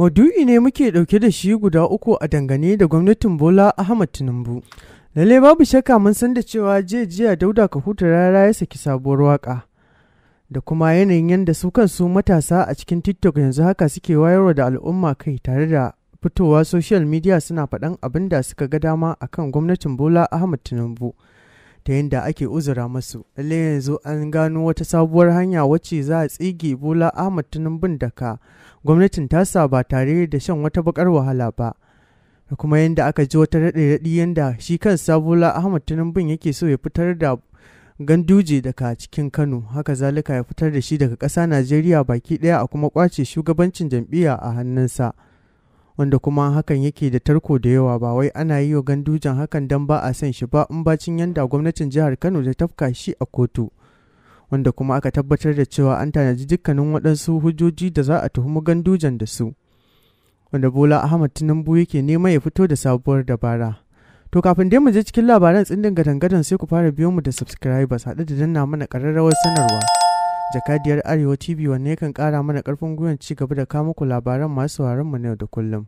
Maudu'i ne muke dauke da shi guda uku a dangane da gwamnatin Bola Ahmad Tinubu. Lalle babu shakka mun san da cewa jiya jiya Dauda Kahuta rara ya saki sabuwar waka. Da kuma yanayin yadda su kansu matasa a cikin TikTok yanzu haka suke wayarwa da al'umma kai tare da fitowa social media suna faɗan abin da suka ga dama akan gwamnatin Bola Ahmad Tinubu. ta yadda ake uzura masu lalle yanzu an gano wata sabuwar hanya wacce za a tsige bola ahmad tinubun daka gwamnatin tasa ba tare da shan wata bakar wahala ba da kuma yadda aka ji wata raɗe-raɗi yadda shi kan bola ahmad tinubun yake so ya fitar da ganduje daga cikin kano haka zalika ya fitar da shi daga ƙasa najeriya baki ɗaya a kuma kwace shugabancin jam'iyya a hannunsa. wanda kuma hakan yake da tarko da yawa ba wai ana yi wa gandujan hakan don ba a san shi ba in bacin yanda gwamnatin jihar kano ta tafka shi a kotu wanda kuma aka tabbatar da cewa an tanaji dukkanin waɗansu hujjoji da za a tuhumi gandujan da su wanda bola ahmad tinubu yake nema ya fito da sabuwar dabara to kafin dai mu je cikin labaran tsindin gadan-gadan sai ku fara biyo mu da subscribers haɗu da danna mana ƙararrawar sanarwa jakadiyar arewa tv wanne kan kara mana karfin gwiwan ci gaba da kawo muku labaran masu mu na yau da kullum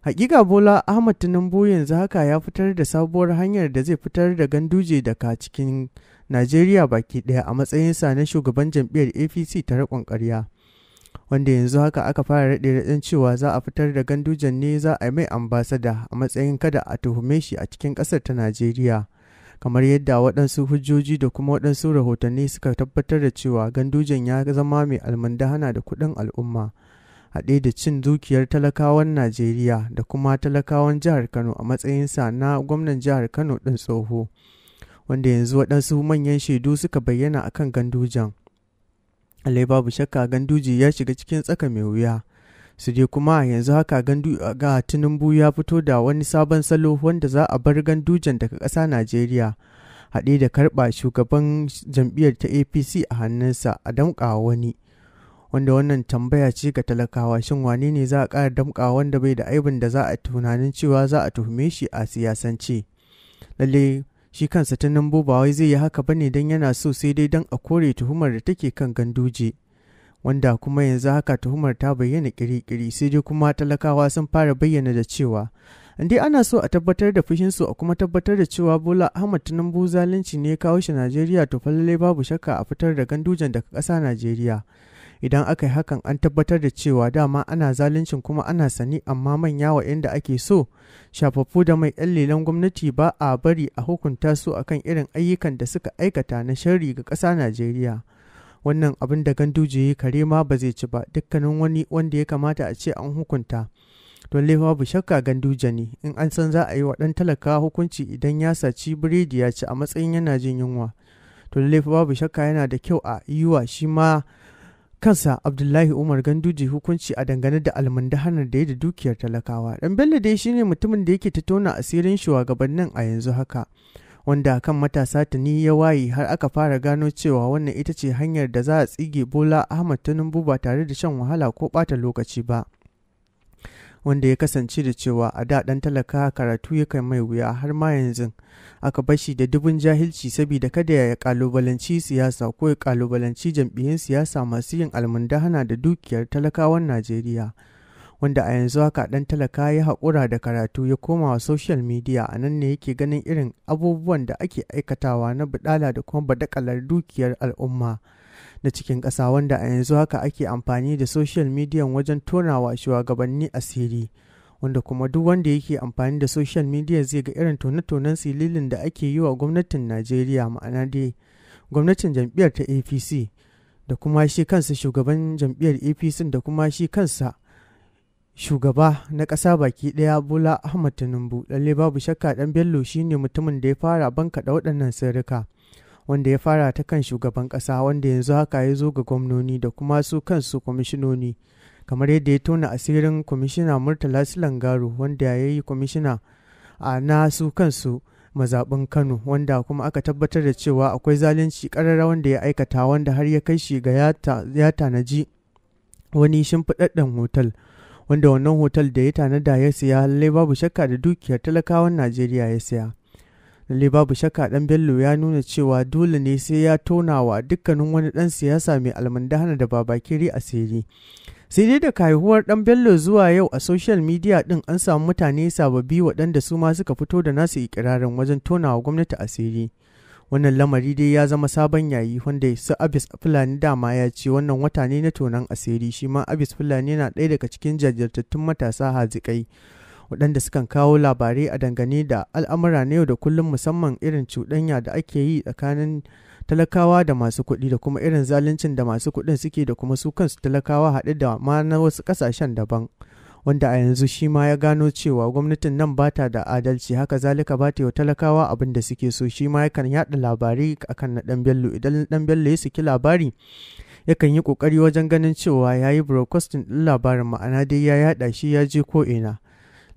hakika bola ahmad tinubu yanzu haka ya fitar da sabuwar hanyar da zai fitar da ganduje daga cikin najeriya baki daya a matsayin sa na shugaban jam'iyyar apc ta rakon ƙarya wanda yanzu haka aka fara raɗe raɗin cewa za a fitar da gandujen ne za a yi mai ambasada a matsayin kada a tuhume shi a cikin kasar ta najeriya kamar yadda waɗansu hujjoji da kuma waɗansu rahotanni suka tabbatar da cewa gandujan ya zama mai almandahana da kuɗin al'umma haɗe da cin dukiyar talakawan najeriya da kuma talakawan jihar kano a matsayinsa na gwamnan jihar kano ɗin tsoho wanda yanzu waɗansu manyan shaidu suka bayyana akan gandujan alai babu shakka ganduji ya shiga cikin tsaka mai wuya su je kuma yanzu haka gandu ga tinubu ya fito da wani sabon salo wanda za a bar gandujan daga ƙasa najeriya haɗe da karɓa shugaban jam'iyyar ta apc a hannunsa a damƙa wani wanda wannan tambaya ce ga talakawa shin wane ne za a ƙara damƙa wanda bai da aibin da za a tunanin cewa za a tuhume shi a siyasance lalle shi kansa tinubu ba wai zai yi haka bane don yana so sai dai don a kore tuhumar da take kan ganduje wanda kuma yanzu haka tuhumar ta bayyana kirikiri sai dai kuma talakawa sun fara bayyana da cewa Inde ana so a tabbatar da fushinsu a kuma tabbatar da cewa bola ahmad tinubu zalunci ne ya kawo shi najeriya to falle babu shakka a fitar da gandujan daga ƙasa najeriya idan aka yi hakan an tabbatar da cewa dama ana zaluncin kuma ana sani amma manya wa inda ake so shafaffu da mai yan lelen gwamnati ba a bari a hukunta su akan irin ayyukan da suka aikata na sharri ga ƙasa najeriya wannan abin da ganduje ya kare ma ba zai ci ba dukkanin wani wanda ya kamata a ce an hukunta don laifa bu shakka ganduje ne in an san za a yi wa ɗan talaka hukunci idan ya saci biredi ya ci a matsayin yana jin yunwa to laifa babu shakka yana da kyau a yi wa shi ma kansa abdullahi umar ganduje hukunci a dangane da almundahanar da ya da dukiyar talakawa dan bello dai shine mutumin da yake ta tona asirin shugabannin a yanzu haka wanda kan matasa ta ni ya waye har aka fara gano cewa wannan ita ce hanyar da za a tsige bola ahmad tinubu ba tare da shan wahala ko bata lokaci ba wanda ya kasance da cewa a da ɗan talaka karatu ya kai mai wuya har ma yanzu aka bashi da dubun jahilci saboda kada ya kalubalanci siyasa ko ya kalubalanci jam'iyyun siyasa masu yin almundahana da dukiyar talakawan najeriya wanda a yanzu haka ɗan talaka ya haƙura da karatu ya koma wa social media a nan ne yake ganin irin abubuwan da ake aikatawa na budala da kuma badakalar dukiyar al'umma na cikin ƙasa wanda a yanzu haka ake amfani da social media wajen tonawa shugabanni asiri wanda kuma duk wanda yake amfani da social media zai ga irin tone-tonen sililin da ake yi wa gwamnatin najeriya ma'ana dai gwamnatin jam'iyyar ta apc da kuma shi kansa shugaban jam'iyyar apc da kuma shi kansa shugaba na ƙasa baki ɗaya bula ahmad tinubu lalle babu shakka dan bello shine mutumin da ya fara banka da waɗannan sirrika wanda ya fara ta kan shugaban kasa wanda yanzu haka ya zo ga gwamnoni da kuma su kansu kwamishinoni kamar yadda ya tona asirin kwamishina murtala silangaro wanda ya yi kwamishina a na su kansu mazaɓin kano wanda kuma aka tabbatar da cewa akwai zalunci ƙararra wanda ya aikata wanda har ya kai shi ga ya tanaji wani shimfiɗaɗɗen hotel wanda wannan hotel da ya tanada ya siya lallai babu shakka da dukiyar talakawan najeriya ya siya lallai babu shakka dan bello ya nuna cewa dole ne sai ya tona wa dukkanin wani dan siyasa mai almandahana da baba babakiri asiri sai dai da kaihuwar dan bello zuwa yau a social media din an samu mutane sababbi waɗanda su ma suka fito da nasu ikirarin wajen tonawa gwamnati gwamnati asiri wannan lamari dai ya zama sabon yayi wanda su abis fulani dama ya ce wannan wata ne na tonon asiri shi ma abis fulani na ɗaya daga cikin jajirtattun matasa hazikai waɗanda sukan kawo labarai a dangane da al'amura na yau da kullum musamman irin cuɗanya da ake yi tsakanin talakawa da masu kuɗi da kuma irin zaluncin da masu kuɗin suke da kuma su kansu talakawa haɗe da ma na wasu ƙasashen daban wanda a yanzu shi ma ya gano cewa gwamnatin nan ba ta da adalci haka zalika ba ta yi talakawa abin da suke so shi ma yakan yaɗa labarai akan na ɗan bello idan dan bello ya saki labari yakan yi kokari wajen ganin cewa ya yi broadcasting ɗin labarin ma'ana dai ya yada shi ya je ko ina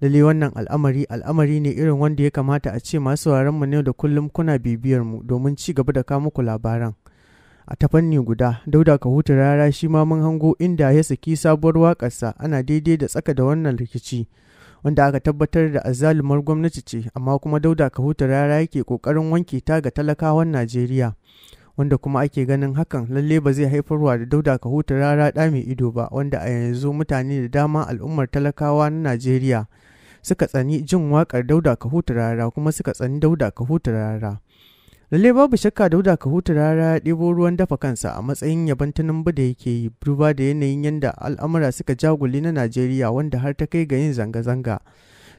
lalle wannan al'amari al'amari ne irin wanda ya kamata a ce masu mu ne da kullum kuna bibiyar mu domin ci gaba da kawo muku labaran a ta fanni guda dauda ka kahuta rara shi ma mun hango inda ya saki sabuwar wakarsa ana daidai da tsaka da wannan rikici wanda aka tabbatar da azalumar gwamnati ce amma kuma dauda kahuta rara yake kokarin wanke ta ga talakawan najeriya wanda kuma ake ganin hakan lalle ba zai haifarwa da dauda ka kahuta rara ɗa mai ido ba wanda a yanzu mutane da dama al'ummar talakawa na najeriya suka tsani jin waƙar dauda kahuta rara kuma suka tsani dauda kahuta rara lalle babu shakka dauda ka huta rara ya ɗebo ruwan dafa kansa a matsayin yaban tinubu da yake yi duba da yanayin yadda al'amura suka jaguli na najeriya wanda har ta kai ga yin zanga-zanga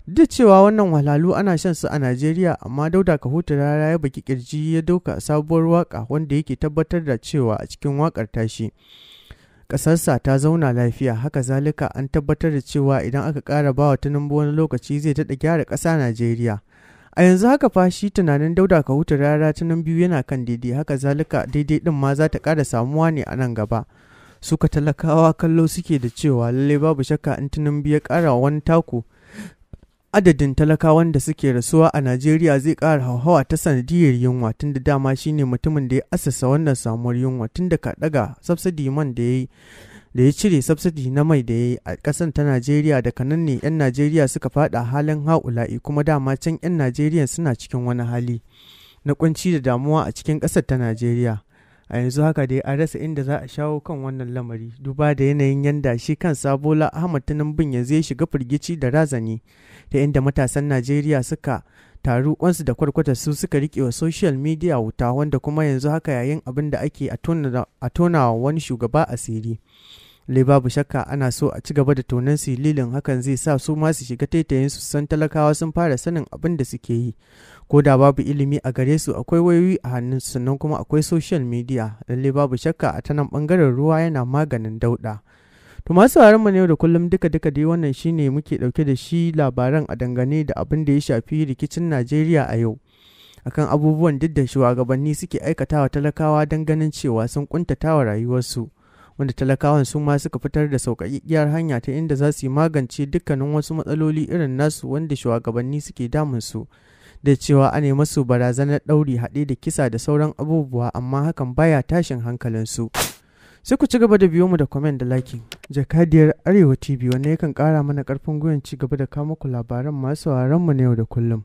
duk cewa wannan walalu ana shan su a najeriya amma dauda ka huta rara ya baki kirji ya dauka sabuwar waka wanda yake tabbatar da cewa a cikin wakar tashi ƙasarsa ta zauna lafiya haka zalika an tabbatar da cewa idan aka ƙara bawa tunan wani lokaci zai daɗa gyara ƙasa najeriya a yanzu haka fa shi tunanin dauda ka hutu rara ta biyu yana kan daidai haka zalika daidai din ma za ta kara samuwa ne a nan gaba suka talakawa kallo suke da cewa lallai babu shakka in tunan biyu ya ƙara wani taku adadin talakawan da suke rasuwa a najeriya zai kara hauhawa ta sanadiyar yunwa tun da dama shine mutumin da ya asasa wannan samuwar yunwa tun da ka daga man da ya yi da ya cire subsidy na mai da ya yi a ƙasar ta Najeriya da kanan ne 'yan Najeriya suka fada halin ha'ula'i kuma dama can 'yan Najeriya suna cikin wani hali na kunci da damuwa a cikin kasar ta Najeriya. A yanzu haka dai an rasa inda za a shawo kan wannan lamari duba da yanayin yanda shi kan sabola Ahmad Tinubu yanzu ya shiga firgici da razani ta inda matasan Najeriya suka taru kwansu da kwarkwata su suka rike wa social media wuta wanda kuma yanzu haka yayin abin da ake a tonawa wani shugaba asiri le babu shakka ana so a ci gaba da tonan sililin hakan zai sa su ma su shiga taitayin su san talakawa sun fara sanin abin da suke yi ko da babu ilimi a gare su akwai wayoyi a hannun sannan kuma akwai social media lalle babu shakka a tanan bangaren ruwa yana maganin dauɗa to masu mu ne da kullum duka duka dai wannan shine muke dauke da shi labaran a dangane da abin da ya shafi rikicin Najeriya a yau akan abubuwan duk da shugabanni suke aikatawa talakawa don ganin cewa sun kuntatawa rayuwarsu wanda talakawan su ma suka fitar da sauƙaƙƙiyar hanya ta inda za su yi magance dukkanin wasu matsaloli irin nasu wanda shugabanni suke damun su da cewa a nemi su barazanar ɗauri haɗe da kisa da sauran abubuwa amma hakan baya tashin hankalin su sai ku ci gaba da biyo mu da comment da like jakadiyar arewa tv wanda yakan kara mana karfin gwiwan ci gaba da kama ku labaran masu mu na yau da kullum